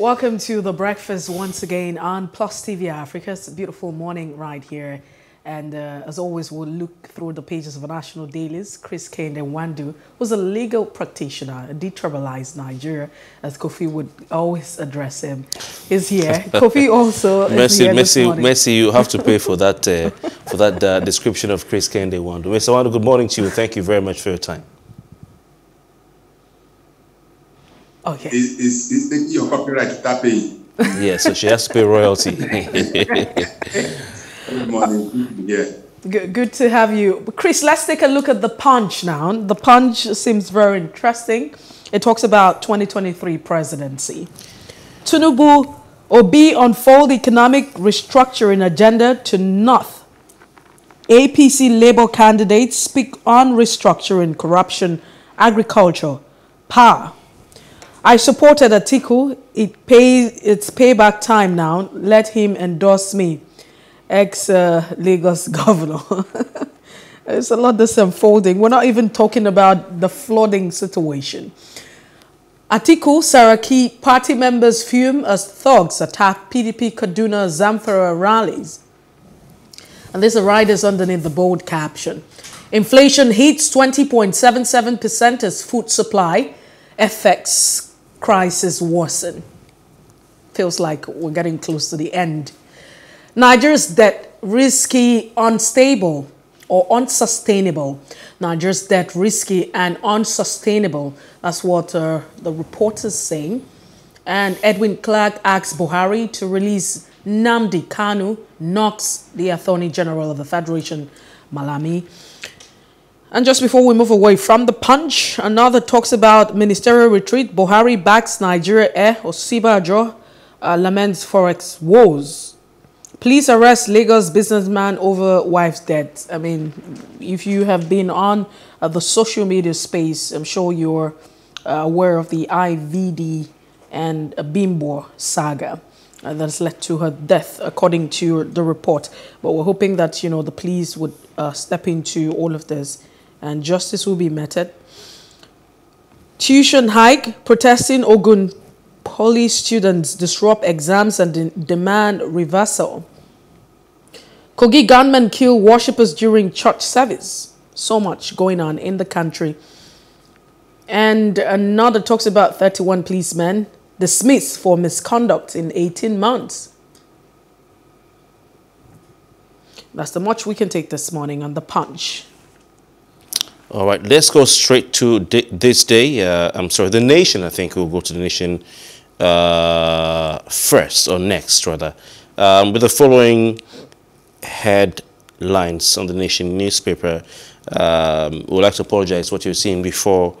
Welcome to The Breakfast once again on Plus TV Africa. It's a beautiful morning right here. And uh, as always, we'll look through the pages of national dailies. Chris Kane and Wandu was a legal practitioner, a detribalized Nigeria, as Kofi would always address him, is here. Kofi also mercy, Mercy, Mercy, you have to pay for that, uh, for that uh, description of Chris Kane Wandu. Mr. Wandu, good morning to you. Thank you very much for your time. Oh, yes. is, is, is taking your copyright without paying. yeah, so she has to pay royalty. Good morning. Yeah. Good, good to have you. Chris, let's take a look at the punch now. The punch seems very interesting. It talks about 2023 presidency. Tunubu Obi unfold economic restructuring agenda to North. APC Labour candidates speak on restructuring, corruption, agriculture, power, I supported Atiku. It pays it's payback time now. Let him endorse me, ex uh, Lagos governor. There's a lot that's unfolding. We're not even talking about the flooding situation. Atiku Saraki party members fume as thugs attack PDP Kaduna Zamfara rallies. And this arises underneath the bold caption. Inflation hits 20.77% as food supply affects crisis worsen. Feels like we're getting close to the end. Niger's debt risky, unstable, or unsustainable. Niger's debt risky and unsustainable. That's what uh, the report is saying. And Edwin Clark asks Buhari to release Namdi Kanu, Knocks the Attorney General of the Federation, Malami. And just before we move away from the punch, another talks about ministerial retreat. Buhari backs Nigeria Air. Osibajo uh, laments forex woes. Police arrest Lagos businessman over wife's death. I mean, if you have been on uh, the social media space, I'm sure you're uh, aware of the IVD and Bimbo saga. Uh, has led to her death, according to the report. But we're hoping that, you know, the police would uh, step into all of this and justice will be meted. Tuition hike, protesting Ogun Poly students disrupt exams and de demand reversal. Kogi gunmen kill worshippers during church service. So much going on in the country. And another talks about 31 policemen dismissed for misconduct in 18 months. That's the much we can take this morning on The Punch. All right, let's go straight to this day. Uh, I'm sorry, the nation, I think we'll go to the nation uh, first or next, rather, um, with the following headlines on the nation newspaper. Um, we'd like to apologize what you're seeing before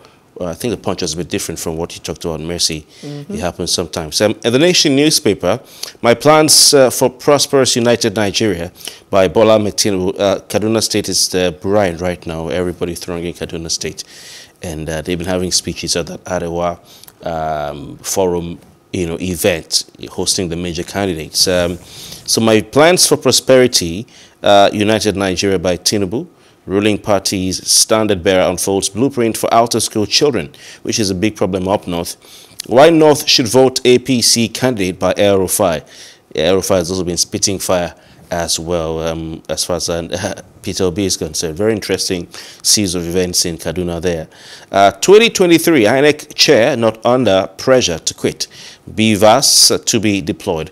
I think the punch was a bit different from what you talked about, Mercy. Mm -hmm. It happens sometimes. Um, in the Nation newspaper, my plans uh, for prosperous united Nigeria by Bola Metinu. Uh, Kaduna State is the uh, brine right now. Everybody thronging Kaduna State. And uh, they've been having speeches at that Arewa um, forum you know, event hosting the major candidates. Um, so my plans for prosperity, uh, United Nigeria by Tinubu, Ruling party's standard bearer unfolds blueprint for out of school children, which is a big problem up north. Why North should vote APC candidate by Aerofire. Yeah, fire has also been spitting fire as well um, as far as uh, Peter Obi is concerned. Very interesting series of events in Kaduna there. Uh, 2023, INEC chair not under pressure to quit. BVAS to be deployed.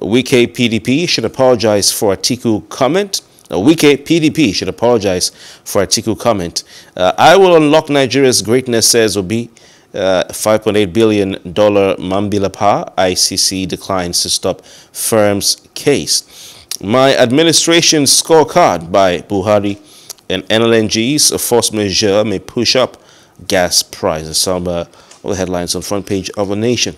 Wike PDP should apologize for Atiku comment. Wike PDP should apologize for Atiku comment. Uh, I will unlock Nigeria's greatness, says Obi. Uh, $5.8 billion Mambilapa ICC declines to stop firm's case. My administration scorecard by Buhari and NLNG's force majeure may push up gas prices. Some uh, the headlines on front page of a nation.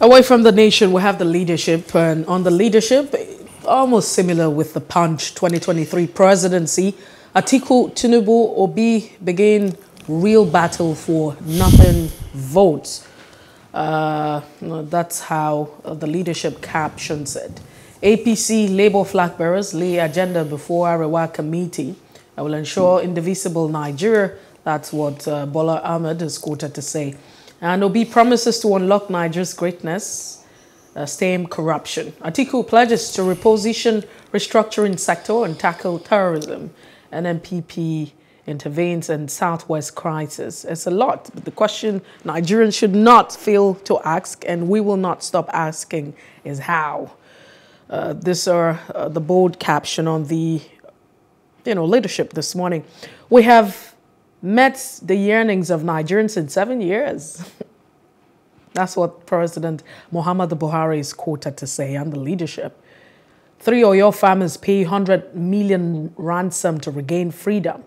Away from the nation, we have the leadership. And on the leadership, almost similar with the Punch 2023 presidency. Atiku Tinubu Obi began real battle for nothing votes. Uh, that's how the leadership captions it. APC Labour flag bearers lay agenda before Arewa committee. I will ensure indivisible Nigeria. That's what uh, Bola Ahmed is quoted to say. And Obi promises to unlock Nigeria's greatness uh, stem corruption. Atiku pledges to reposition restructuring sector and tackle terrorism. Nmpp MPP intervenes in Southwest crisis. It's a lot, but the question Nigerians should not fail to ask, and we will not stop asking, is how. Uh, are uh, the bold caption on the, you know, leadership this morning. We have met the yearnings of Nigerians in seven years. That's what President Muhammad Buhari is quoted to say and the leadership. Three Oyo farmers pay 100 million ransom to regain freedom.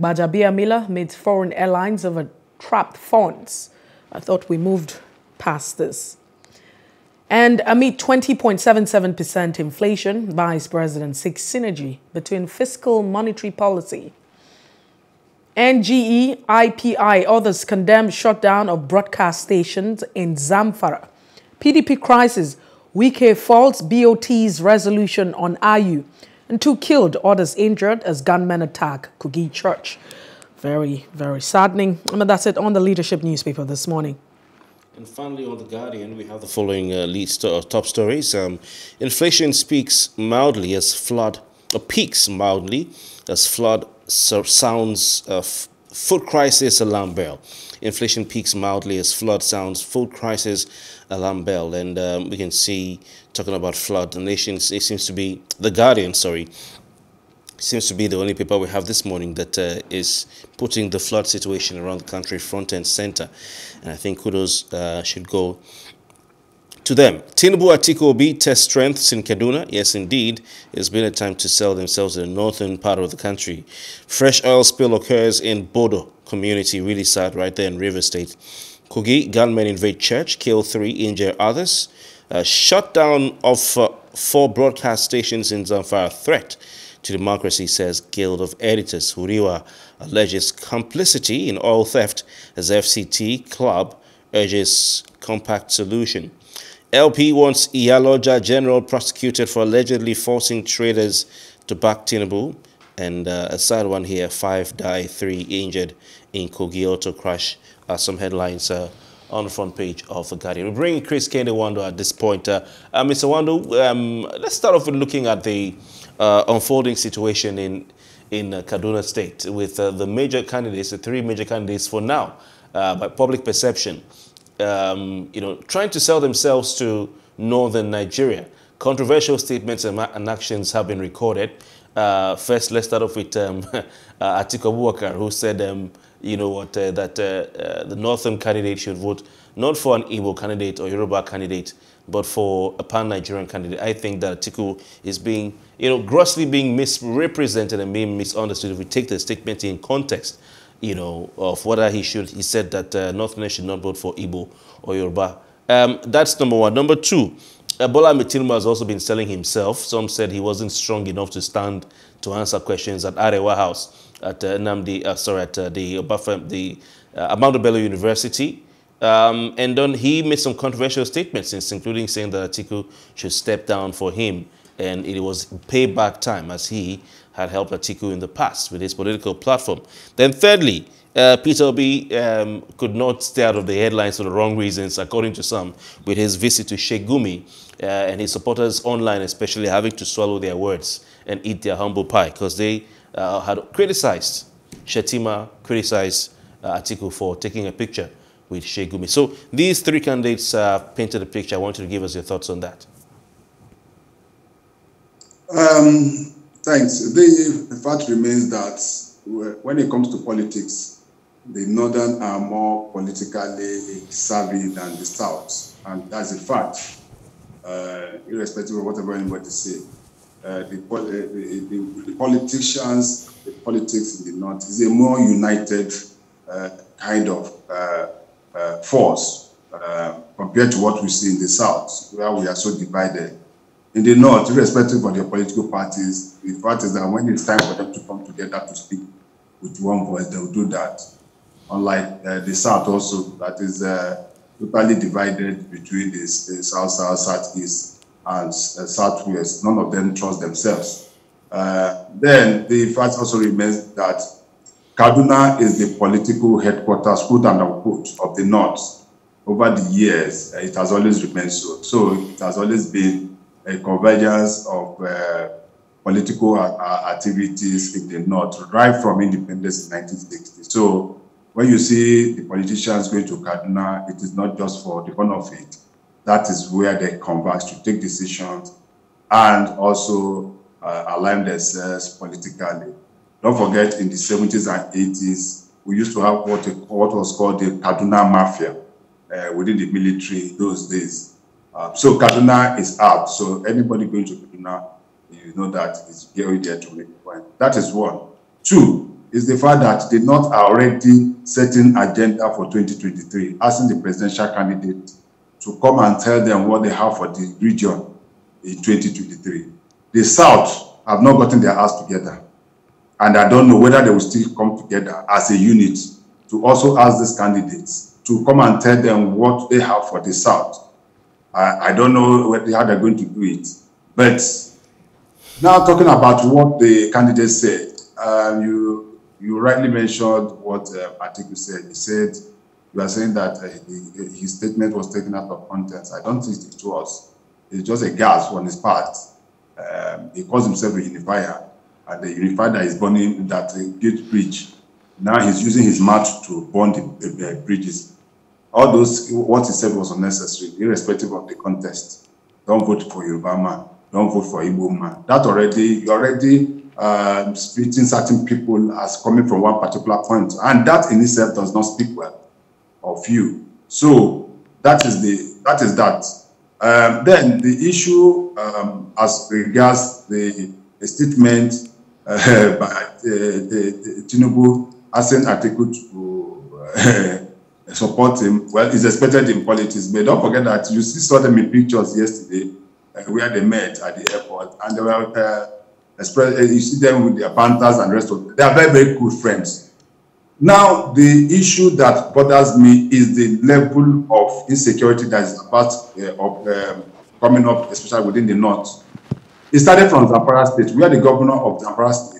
Bajabia Miller meets foreign airlines over trapped funds. I thought we moved past this. And amid 20.77% inflation, Vice President seeks synergy between fiscal monetary policy NGE, IPI, others condemn shutdown of broadcast stations in Zamfara. PDP crisis, Wike faults BOT's resolution on IU, and two killed, others injured as gunmen attack Kogi Church. Very, very saddening. I mean, that's it on the leadership newspaper this morning. And finally, on The Guardian, we have the following uh, lead st uh, top stories. Um, inflation speaks mildly as flood, uh, peaks mildly as flood so sounds uh, food crisis alarm bell. Inflation peaks mildly as flood sounds food crisis alarm bell. And um, we can see talking about flood. The nation, it seems to be, The Guardian, sorry, seems to be the only paper we have this morning that uh, is putting the flood situation around the country front and center. And I think kudos uh, should go to them. Tinubu Atiko Obi test strengths in Kaduna. Yes, indeed, it's been a time to sell themselves in the northern part of the country. Fresh oil spill occurs in Bodo community, really sad right there in River State. Kogi, gunmen invade church, kill three, injure others. shutdown of uh, four broadcast stations in Zamfara threat to democracy, says Guild of Editors. Huriwa alleges complicity in oil theft as FCT club urges compact solution. LP wants Iyaloja general prosecuted for allegedly forcing traders to back Tinubu. And uh, a sad one here, five die, three injured in Kogi auto crash. Uh, some headlines uh, on the front page of The Guardian. We bring Chris Kende Wando at this point. Uh, uh Mr. Wando, um, let's start off with looking at the uh, unfolding situation in, in uh, Kaduna State with the major candidates, the three major candidates for now, by public perception um, you know, trying to sell themselves to northern Nigeria. Controversial statements and actions have been recorded. Uh, first, let's start off with um, uh, Atiku Abubakar, who said, um, you know what, uh, that uh, uh, the northern candidate should vote not for an Igbo candidate or Yoruba candidate, but for a pan-Nigerian candidate. I think that Atiku is being, you know, grossly being misrepresented and being misunderstood if we take the statement in context you know, of whether he should, he said that uh, should not vote for Igbo or Yoruba. Um, that's number one. Number two, Ebola uh, Mitinma has also been selling himself. Some said he wasn't strong enough to stand to answer questions at Arewa House at uh, Namdi, uh, sorry, at uh, the, Obafem, the uh, Amandobello University. Um, and then he made some controversial statements, including saying that Atiku should step down for him. And it was payback time as he had helped Atiku in the past with his political platform. Then thirdly, uh, Peter Obi um, could not stay out of the headlines for the wrong reasons, according to some, with his visit to Shegumi uh, and his supporters online, especially having to swallow their words and eat their humble pie because they uh, had criticized Shetima, criticized uh, Atiku for taking a picture with Shegumi. So these three candidates uh, painted a picture. I want you to give us your thoughts on that. Um, Thanks. The fact remains that when it comes to politics, the northern are more politically savvy than the south, and that's a fact, uh, irrespective of whatever anybody say. Uh, the, uh, the, the, the, politicians, the politics in the north is a more united uh, kind of uh, force compared to what we see in the south, where we are so divided in the north, irrespective of their political parties, the fact is that when it's time for them to come together to speak with one voice, they will do that. Unlike uh, the south also, that is uh, totally divided between the, the south, south, east, and uh, southwest. None of them trust themselves. Uh, then the fact also remains that Kaduna is the political headquarters, quote and unquote, of the north. Over the years, uh, it has always remained so. So it has always been a convergence of uh, political activities in the north, right from independence in 1960. So when you see the politicians going to Kaduna, it is not just for the benefit. That is where they converge to take decisions and also uh, align themselves politically. Don't forget, in the 70s and 80s, we used to have what, what was called the Kaduna Mafia uh, within the military those days. Uh, so Kaduna is out. So anybody going to Kaduna, you know that is very there to make a point. That is one. Two is the fact that the North are already setting agenda for 2023, asking the presidential candidate to come and tell them what they have for the region in 2023. The South have not gotten their ass together. And I don't know whether they will still come together as a unit to also ask these candidates to come and tell them what they have for the South I, I don't know what, how they're going to do it. But now talking about what the candidate said, um, you you rightly mentioned what uh, Atiku said. He said, you are saying that uh, the, his statement was taken out of context. I don't think it was. It's just a gas on his part. Um, he calls himself a unifier, and the unifier that is burning that uh, gate bridge. Now he's using his mouth to burn the uh, bridges all those, what he said was unnecessary, irrespective of the contest. Don't vote for Yoruba man. Don't vote for Igbo man. That already, you already uh, um, treating certain people as coming from one particular And that in itself does not speak well of you. So that is the that is that. Um, then the issue um, as regards the, the statement uh, by uh, the, the Tinubu asking article to uh, support him, well, he's expected in politics. But don't forget that you see, saw them in pictures yesterday uh, where they met at the airport, and they uh, were uh, express, uh, you see them with their banters and the rest of. Them. They are very very good friends. Now, the issue that bothers me is the level of insecurity that is about uh, of, um, coming up, especially within the north. It started from Zampara State, where the governor of Zampara State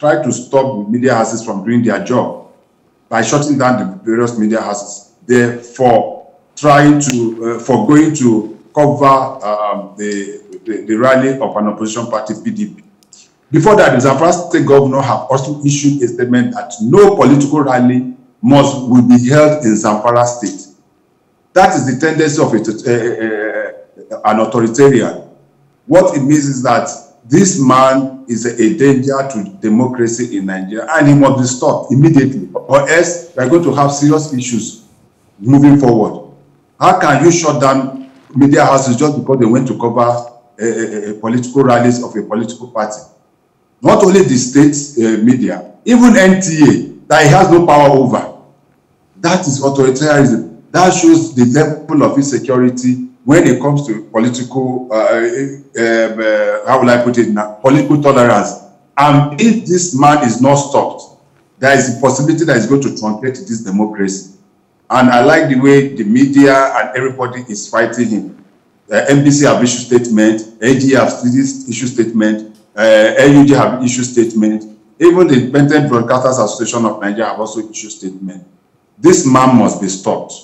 tried to stop media houses from doing their job by shutting down the various media houses. Therefore, trying to uh, for going to cover um, the, the, the rally of an opposition party PDP. Before that, the Zamfara State Governor have also issued a statement that no political rally must will be held in Zamfara State. That is the tendency of it, uh, uh, an authoritarian. What it means is that this man is a danger to democracy in Nigeria and he must be stopped immediately or else we are going to have serious issues moving forward. How can you shut down media houses just because they went to cover a, a, a political rallies of a political party? Not only the state uh, media, even NTA that he has no power over. That is authoritarianism. That shows the level of insecurity when it comes to political, uh, um, uh, how will I put it now, political tolerance, and if this man is not stopped, there is a possibility that is going to truncate this democracy. And I like the way the media and everybody is fighting him. Uh, MBC have issued statement, AG have issued statement, uh, LUG have issued statement. Even the Independent Broadcasters Association of Nigeria have also issued statement. This man must be stopped.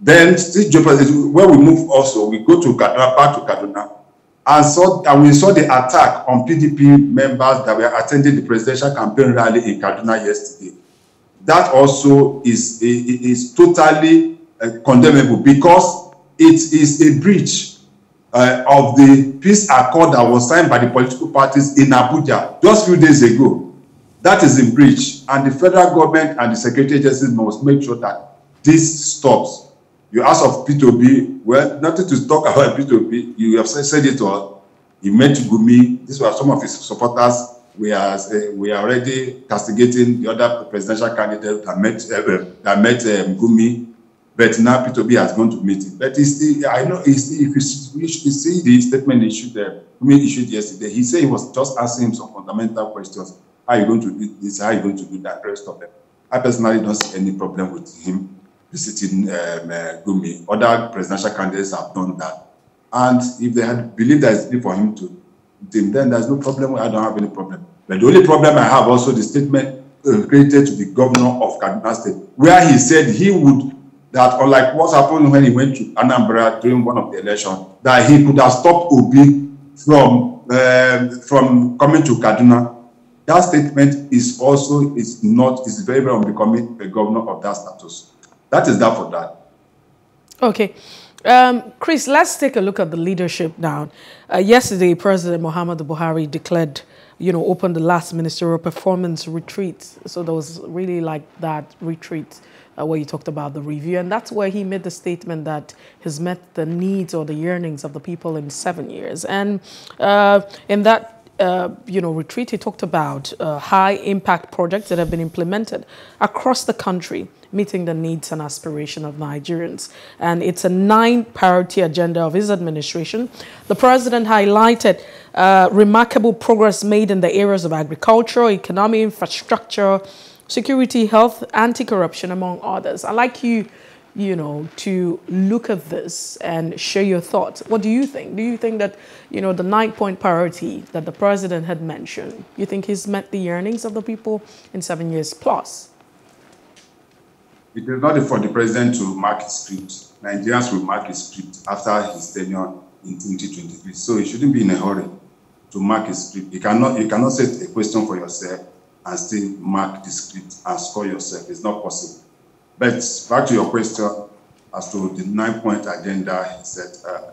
Then still Joplin, where we move also, we go to Kaduna, back to Kaduna, and saw and we saw the attack on PDP members that were attending the presidential campaign rally in Kaduna yesterday. That also is is totally uh, condemnable because it is a breach uh, of the peace accord that was signed by the political parties in Abuja just few days ago. That is a breach, and the federal government and the security agencies must make sure that this stops. You ask of p 2 b Well, nothing to talk about p 2 b You have said it all. He meant Gumi. These were some of his supporters. We are uh, we are already castigating the other presidential candidate that met uh, that met um, Gumi. But now p 2 has gone to meet him. But still, I know he's, if you, you see the statement issued there, um, Gumi issued yesterday, he said he was just asking some fundamental questions. How are you going to do this? How are you going to do that? rest of them. I personally don't see any problem with him visiting um, uh, Gumi. Other presidential candidates have done that. And if they had believed that it's for him to, then there's no problem. I don't have any problem. But the only problem I have also the statement uh, created to the governor of Kaduna State, where he said he would, that unlike what happened when he went to Anambra during one of the elections, that he could have stopped Obi from, uh, from coming to Kaduna. That statement is also is not, is very, very unbecoming a governor of that status. That is that for that. Okay. Um, Chris, let's take a look at the leadership now. Uh, yesterday, President Muhammad Buhari declared, you know, opened the last ministerial performance retreat. So there was really like that retreat uh, where you talked about the review. And that's where he made the statement that has met the needs or the yearnings of the people in seven years. And uh, in that uh, you know, retreat, he talked about uh, high impact projects that have been implemented across the country, meeting the needs and aspirations of Nigerians. And it's a nine priority agenda of his administration. The president highlighted uh, remarkable progress made in the areas of agriculture, economy, infrastructure, security, health, anti-corruption, among others. I'd like you you know, to look at this and share your thoughts. What do you think? Do you think that, you know, the nine point priority that the president had mentioned, you think he's met the yearnings of the people in seven years plus? It is not for the president to mark his script. Nigerians will mark his script after his tenure in 2023. So he shouldn't be in a hurry to mark his script. You cannot, you cannot set a question for yourself and still mark the script and score yourself. It's not possible. But back to your question as to the nine point agenda he said uh,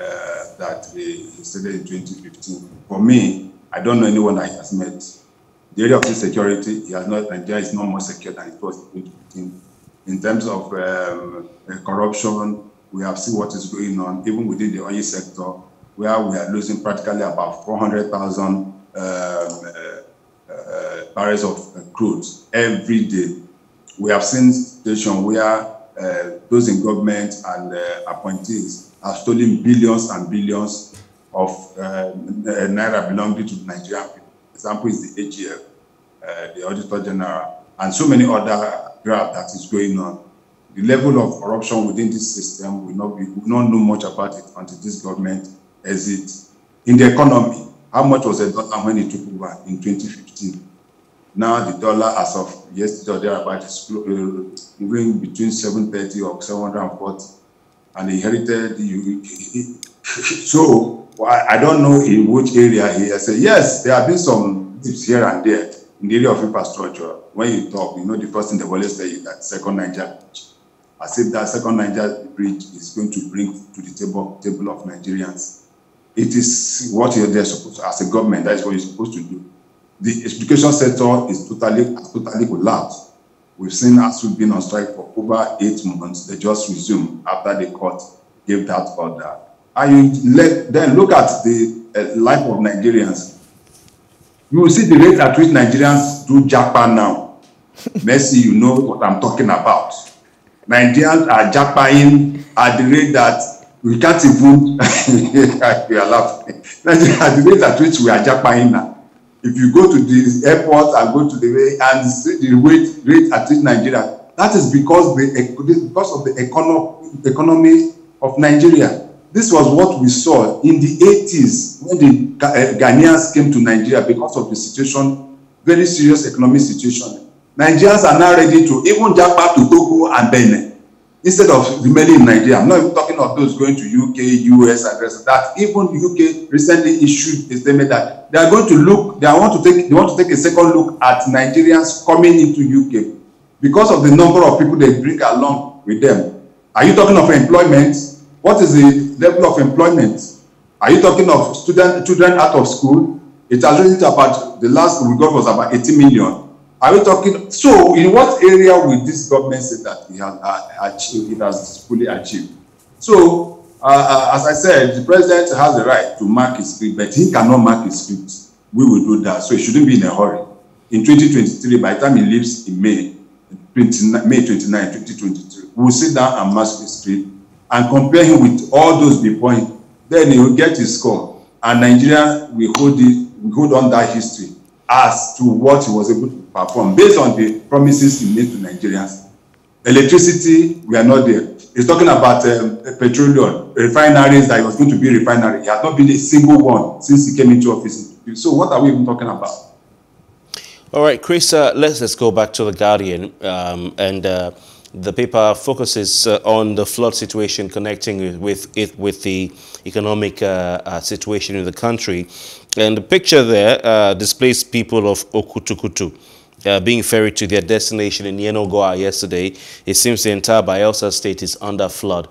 uh, that he stated in 2015. For me, I don't know anyone that has met. The area of security, has not, Nigeria is no more secure than it was in 2015. In terms of um, uh, corruption, we have seen what is going on, even within the oil sector, where we are losing practically about 400,000 um, uh, uh, barrels of crude every day. We have seen situation where uh, those in government and uh, appointees are stolen billions and billions of uh, uh naira belonging to the Nigerian people. Example is the AGF, uh, the Auditor General, and so many other graft that is going on. The level of corruption within this system will not be, will not know much about it until this government exits. In the economy, how much was the dollar when it took over in 2015? Now the dollar as of yesterday about is moving between 730 or 740 and inherited you. so I don't know in which area he has said, yes, there have been some dips here and there in the area of infrastructure. When you talk, you know, the first thing they always say is that second Niger bridge. As if that second Niger bridge is going to bring to the table, table of Nigerians. It is what you're there supposed to, as a government, that is what you're supposed to do. The education sector is totally totally collapsed. We've seen ASU been on strike for over eight months. They just resumed after the court gave that order. And you let, then look at the uh, life of Nigerians. You will see the rate at which Nigerians do Japan now. Mercy, you know what I'm talking about. Nigerians are japaing at the rate that we can't even. you are laughing. Nigerians at the rate at which we are japaing now if you go to the airport and go to the way and see the rate rate at which nigeria that is because the because of the econo economy of nigeria this was what we saw in the 80s when the eh, ghanaians came to nigeria because of the situation very serious economic situation nigerians are now ready to even japa to togo and benin instead of remaining in Nigeria. I'm not even talking of those going to UK, US addresses. That even UK recently issued a statement that they are going to look, they want to take, they want to take a second look at Nigerians coming into UK because of the number of people they bring along with them. Are you talking of employment? What is the level of employment? Are you talking of student children out of school? It has reached about the last we got was about 80 million. Are we talking? So, in what area will this government say that it has uh, achieved, it has fully achieved? So, uh, uh, as I said, the president has the right to mark his script, but he cannot mark his script. We will do that. So, he shouldn't be in a hurry. In 2023, by the time he leaves in May, 29, May 29, 2023, we'll sit down and mark his script and compare him with all those before him. Then he will get his score, and Nigeria will hold it, will hold on that history as to what he was able to perform based on the promises he made to Nigerians. Electricity, we are not there. He's talking about um, petroleum, refineries that he was going to be a refinery. He has not been a single one since he came into office. So what are we even talking about? All right, Chris, uh, let's, let's go back to The Guardian. Um, and uh, the paper focuses uh, on the flood situation connecting with, with, it, with the economic uh, uh, situation in the country. And the picture there uh, displays people of Okutukutu. Uh, being ferried to their destination in Yenogoa yesterday. It seems the entire Bielsa state is under flood.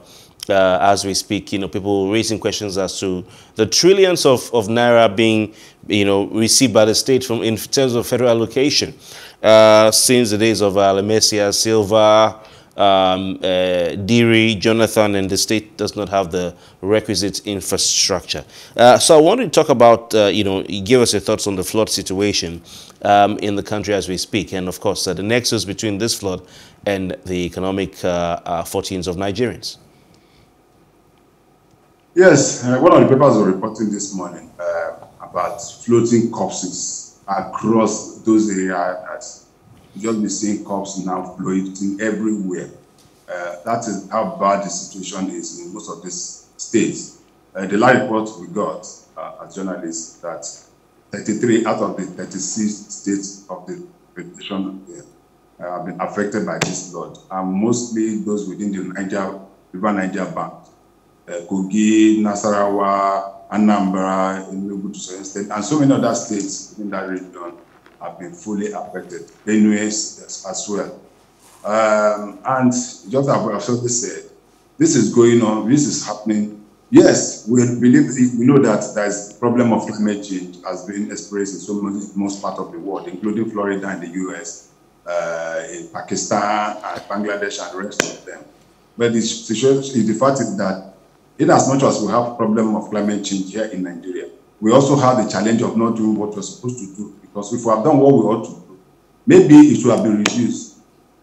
Uh, as we speak, you know, people raising questions as to the trillions of, of naira being, you know, received by the state from in terms of federal allocation uh, since the days of Alemesia Silva, um, uh, Jonathan, and the state does not have the requisite infrastructure. Uh, so I wanted to talk about, uh, you know, give us your thoughts on the flood situation um, in the country as we speak, and of course uh, the nexus between this flood and the economic uh, uh, fortunes of Nigerians. Yes, one of the papers were reporting this morning about floating corpses across those areas just be seeing cops now floating everywhere. Uh, that is how bad the situation is in most of these states. Uh, the live report we got uh, as journalists that 33 out of the 36 states of the Federation uh, have been affected by this flood, and mostly those within the Niger, River Niger Bank, uh, Kogi, Nasarawa, Anambra, Imo, and so many other states in that region have been fully affected. The NUS as well. Um, and just as I've already said, this is going on, this is happening. Yes, we believe, we know that a problem of climate change has been experienced in so many, most parts of the world, including Florida and the US, uh, in Pakistan and Bangladesh and the rest of them. But the, situation, the fact is that in as much as we have problem of climate change here in Nigeria, we also have the challenge of not doing what we're supposed to do because if we have done what we ought to do, maybe it should have been reduced.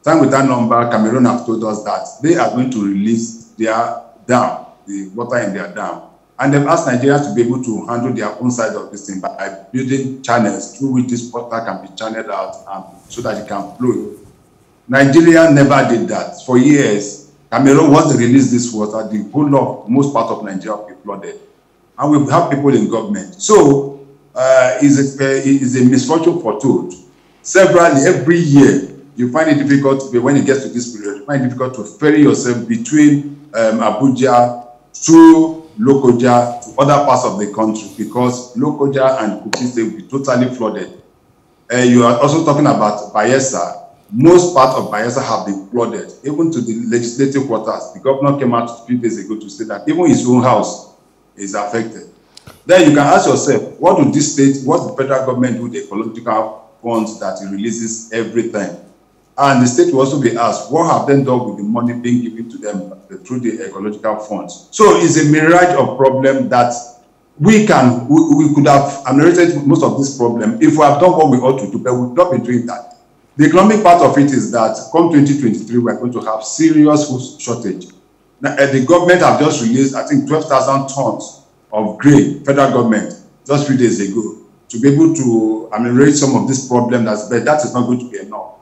Time with that number, Cameroon have told us that they are going to release their dam, the water in their dam. And they've asked Nigeria to be able to handle their own side of this thing by building channels through which this water can be channeled out and so that it can flow. Nigeria never did that. For years, Cameroon was released this water, the whole of most part of Nigeria will be flooded. and we have people in government. So uh, it's, a, uh, a misfortune foretold. Severally, every year, you find it difficult, when it gets to this period, you find it difficult to ferry yourself between um, Abuja to Lokoja to other parts of the country because Lokoja and Kogi State will be totally flooded. Uh, you are also talking about Bayelsa. Most part of Bayelsa have been flooded, even to the legislative quarters. The governor came out a few days ago to say that even his own house is affected. Then you can ask yourself, what do this state, what the federal government do with the ecological funds that it releases every time? And the state will also be asked, what have they done with the money being given to them through the ecological funds? So it's a mirage of problem that we can, we, we could have ameliorated most of this problem if we have done what we ought to do, but we've not been doing that. The economic part of it is that come 2023, we're going to have serious food shortage uh, the government have just released, I think, 12,000 tons of grain, federal government, just few days ago, to be able to ameliorate some of this problem that's bad. that is not going to be enough.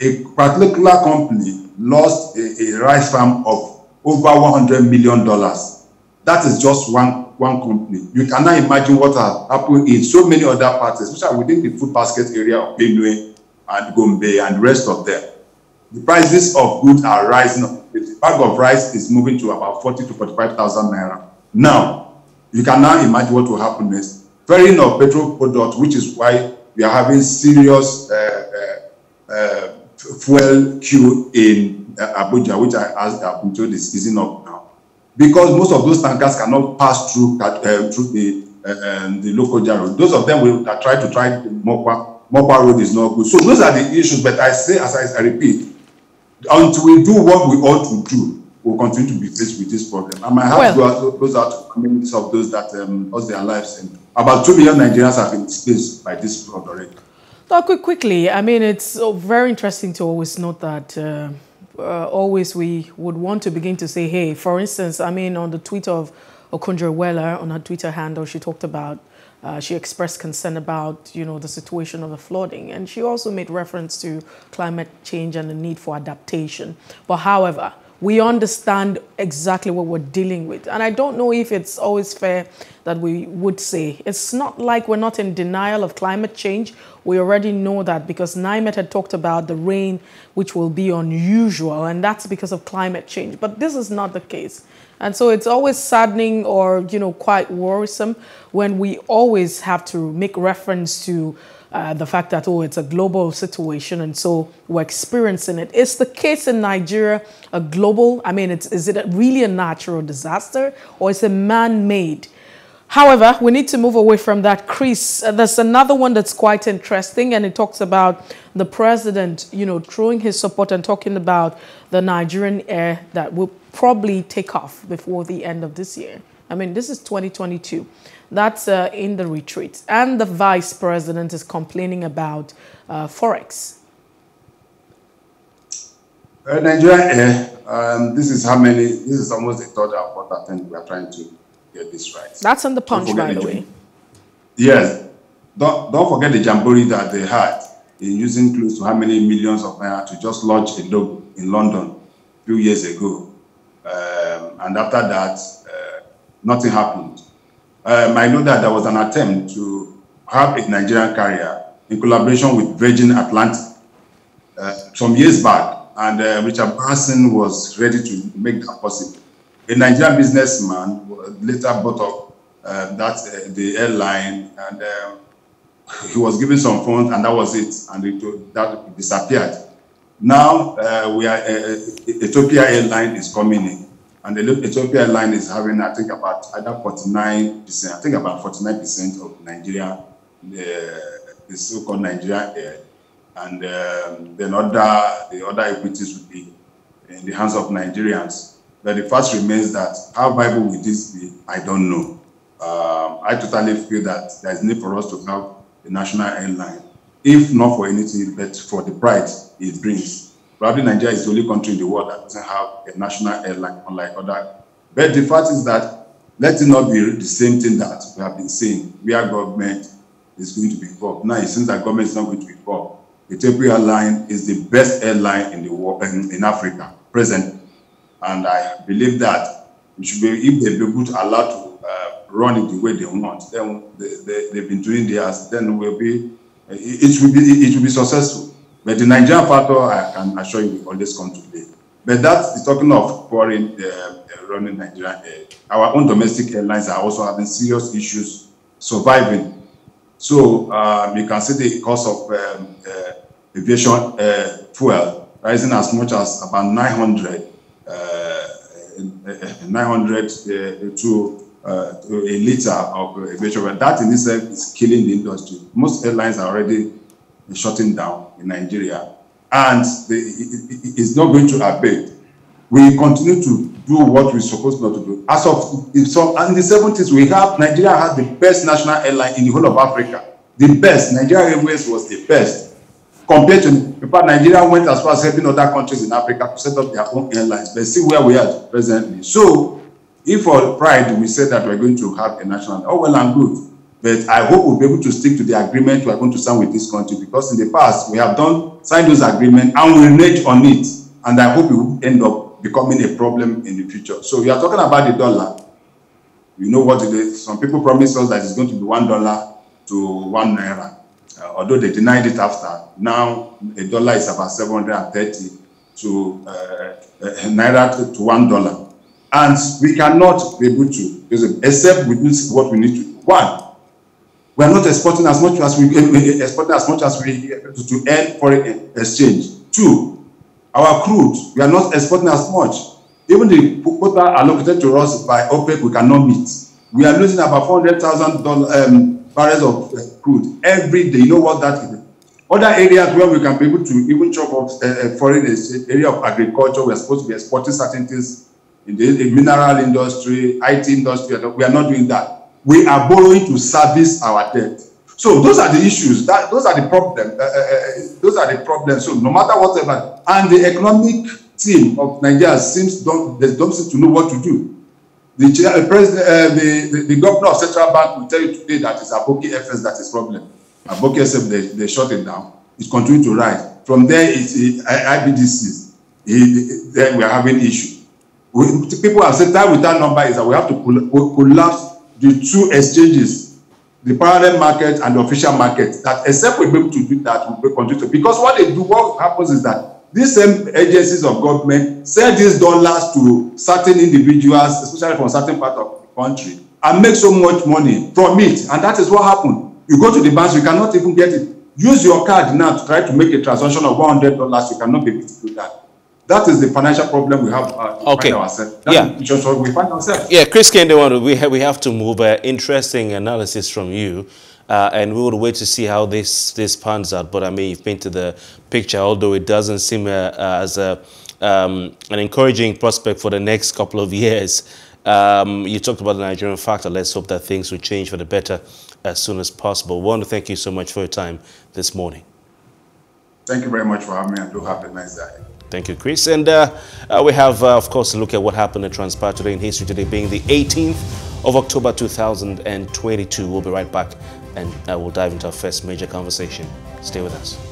A particular company lost a, a rice farm of over 100 million dollars. That is just one one company. You cannot imagine what has happened in so many other parts, especially within the food basket area of Benue and Gombe and the rest of them. The prices of goods are rising the bag of rice is moving to about 40 to 45,000 naira. Now, you can now imagine what will happen next. varying of petrol product, which is why we are having serious uh, uh, uh, fuel queue in uh, Abuja, which I, asked Abuja have is easing up now. Because most of those tankers cannot pass through, uh, through the, uh, um, the local jar road. Those of them will try to try Mokwa. Mokwa road is not good. So those are the issues, but I say, as I, I repeat, until we do what we ought to do, we'll continue to be faced with this problem. And my heart well, goes out to communities of those that um, lost their lives. And about 2 million Nigerians have been displaced by this flood already. Now, quick, quickly, I mean, it's uh, very interesting to always note that uh, uh, always we would want to begin to say, hey, for instance, I mean, on the tweet of Okonjo Weller, on her Twitter handle, she talked about uh, she expressed concern about, you know, the situation of the flooding. And she also made reference to climate change and the need for adaptation. But however, we understand exactly what we're dealing with. And I don't know if it's always fair that we would say. It's not like we're not in denial of climate change. We already know that because NIMET had talked about the rain, which will be unusual, and that's because of climate change. But this is not the case. And so it's always saddening or, you know, quite worrisome when we always have to make reference to uh, the fact that, oh, it's a global situation and so we're experiencing it. Is the case in Nigeria a global, I mean, is it really a natural disaster or is it man-made? However, we need to move away from that Chris, uh, there's another one that's quite interesting, and it talks about the president, you know, throwing his support and talking about the Nigerian air that will probably take off before the end of this year. I mean, this is 2022. That's uh, in the retreat. And the vice president is complaining about uh, Forex. Uh, Nigeria, um, this is how many, this is almost a third or quarter thing we are trying to get this right. That's on the punch, by the, the way. Yes. Don't, don't forget the jamboree that they had in using close to how many millions of naira to just launch a logo in London a few years ago. Um, and after that, uh, nothing happened. Um, I know that there was an attempt to have a Nigerian carrier in collaboration with Virgin Atlantic uh, some years back, and uh, Richard Branson was ready to make that possible. A Nigerian businessman later bought up uh, that uh, the airline, and um, he was given some funds, and that was it, and it, that disappeared. Now uh, we are uh, Ethiopia Airline is coming in, and the Ethiopia Airline is having I think about either 49 percent, I think about 49 percent of Nigeria, the so-called Nigeria Air, and um, then other the other equities would be in the hands of Nigerians. But the fact remains that how viable will this be? I don't know. Um, I totally feel that there is need for us to have a national airline, if not for anything, but for the pride it brings. Probably Nigeria is the only country in the world that doesn't have a national airline, unlike other. But the fact is that let it not be the same thing that we have been saying, are government is going to be involved. Now it seems that government is not going to be involved. Ethiopia airline is the best airline in the world in, in Africa presently. And I believe that we should be, if they be allowed to uh, run it the way they want, then they, they, they've been doing theirs, then will be, it will be, it will be successful. But the Nigerian factor, I can assure you, will always come to play. But that's the talking of foreign uh, uh running Nigerian uh, Our own domestic airlines are also having serious issues surviving. So um, you can see the cost of um, uh, aviation uh, fuel rising as much as about 900 900 uh, to uh, a liter of uh, petrol. aviation fuel. That in itself is killing the industry. Most airlines are already shutting down in Nigeria, and the, it's not going to abate. We continue to do what we're supposed not to do. As of so, in the 70s, we have Nigeria had the best national airline in the whole of Africa. The best Nigeria Airways was the best. compared to in fact nigeria went as far as helping other countries in africa to set up their own airlines but see where we are presently so if for pride we said that we are going to have a national oh well and good but i hope we'll be able to stick to the agreement we are going to sign with this country because in the past we have done signed those agreements and we reneged on it and i hope it will end up becoming a problem in the future so we are talking about the dollar you know what it is some people promise us that it's going to be one dollar to one naira uh, although they denied it after, now a dollar is about 730 to uh, uh, naira to, one dollar. And we cannot be able to, except we do what we need to do. One, we are not exporting as much as we uh, exporting as much as we to, to earn foreign exchange. Two, our crude, we are not exporting as much. Even the quota allocated to us by OPEC, we cannot meet. We are losing about $400,000 um, barrels of crude every day. You know what that is. Other areas where we can be able to even chop up uh, foreign is area of agriculture. We are supposed to be exporting certain things in the, the mineral industry, IT industry. We are not doing that. We are borrowing to service our debt. So those are the issues. That those are the problem. Uh, uh, those are the problems. So no matter whatever, and the economic team of Nigeria seems don't they don't seem to know what to do. The, chair, uh, president, uh, the, the, the governor of Central Bank will tell you today that it's Aboki FS that is problem. Aboki FS they, they shut it down. It continued to rise. From there, it's it, IBDC. It, then we are having issue. We, people have said that with that number is that we have to collapse the two exchanges the parallel market and the official market that except we're able to do that we'll continue to because what they do what happens is that these same agencies of government sell these dollars to certain individuals especially from certain part of the country and make so much money from it and that is what happen you go to the bank you cannot even get it use your card now to try to make a transaction of one hundred dollars you cannot be able to do that that is the financial problem we have uh, okay. find ourselves. That yeah. Is we find ourselves. Yeah, Chris Kende, we have, we have to move. Uh, interesting analysis from you. uh, and we would wait to see how this this pans out. But I mean, you've painted the picture, although it doesn't seem uh, uh, as a, um, an encouraging prospect for the next couple of years. Um, you talked about the Nigerian factor. Let's hope that things will change for the better as soon as possible. I want to thank you so much for your time this morning. Thank you very much for having me, I do have a nice day. Thank you, Chris. And uh, uh, we have, uh, of course, a look at what happened and transpired today in history, today being the 18th of October 2022. We'll be right back and I will dive into our first major conversation. Stay with us.